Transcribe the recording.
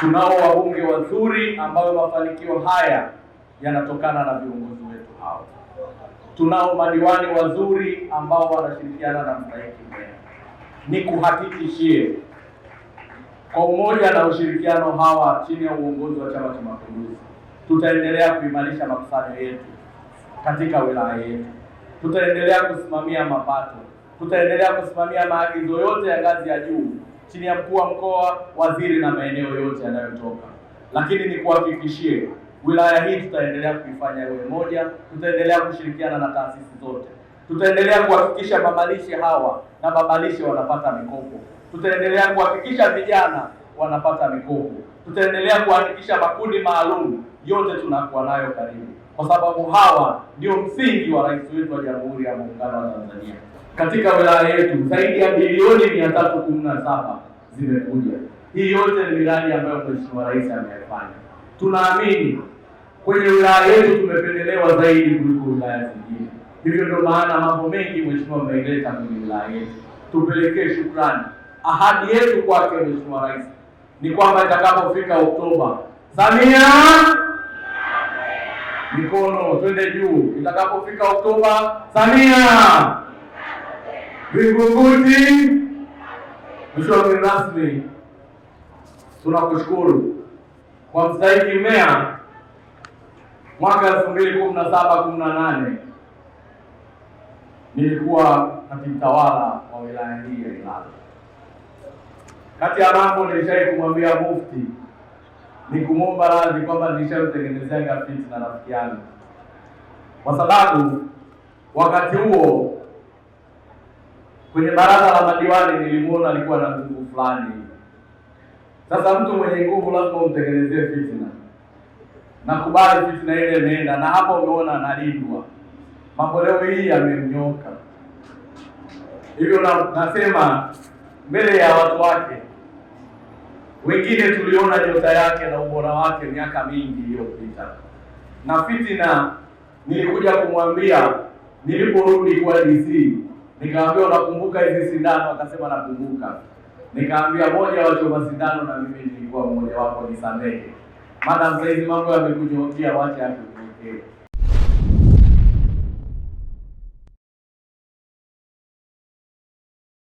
tunao wabunge wazuri ambayo mafanikio haya yanatokana na viongozi wetu hao. Tunao madiwani wazuri ambao wanashirikiana na mstahiki meya. Ni kuhakikishie kwa umoja na ushirikiano hawa chini ya uongozi wa Chama cha Mapinduzi tutaendelea kuimarisha makusanyo yetu katika wilaya yetu, tutaendelea kusimamia mapato, tutaendelea kusimamia maagizo yote ya ngazi ya juu chini ya mkuu wa mkoa, waziri na maeneo yote yanayotoka. Lakini nikuhakikishie, wilaya hii tutaendelea kuifanya iwe moja, tutaendelea kushirikiana na taasisi zote, tutaendelea kuhakikisha mamalishe hawa na mamalishe wanapata mikopo, tutaendelea kuhakikisha vijana wanapata mikopo, tutaendelea kuhakikisha makundi maalum yote tunakuwa nayo karibu, kwa sababu hawa ndio msingi wa rais wetu wa Jamhuri ya Muungano wa Tanzania katika wilaya yetu zaidi ya bilioni mia tatu kumi na saba zimekuja. Hii yote ni miradi ambayo Mheshimiwa Rais ameyafanya. Tunaamini kwenye wilaya yetu tumependelewa zaidi kuliko wilaya zingine, hivyo ndio maana mambo mengi Mheshimiwa ameileta kwenye wilaya yetu. Tupelekee shukrani. Ahadi yetu kwake Mheshimiwa Rais ni kwamba itakapofika Oktoba, Samia mikono twende juu, itakapofika Oktoba, Samia Vingunguti. Mheshimiwa mgeni rasmi, tunakushukuru kwa mstahiki meya mwaka elfu mbili kumi na saba kumi na nane nilikuwa katibu tawala wa wilaya hii ya Ilala. Kati ya mambo nilishai kumwambia mufti ni kumwomba radhi kwamba nilishamtengenezea fitna na rafiki yangu, kwa sababu wakati huo Kwenye baraza la madiwani nilimuona alikuwa na nguvu fulani. Sasa mtu mwenye nguvu lazima umtengenezee fitina. Nakubali fitina ile imeenda, na hapo umeona analindwa. Mambo leo hii yamemnyoka hivyo, nasema mbele ya watu wake wengine tuliona nyota yake na ubora wake miaka mingi iliyopita, na fitina nilikuja kumwambia niliporudi kwa DC Nikaambia unakumbuka hizi sindano? Akasema nakumbuka. Nikaambia moja wachoma sindano na mimi nilikuwa mmoja wapo, nisamehe. Maana sasa mambo yamekunyookia, wacha yakugeukia.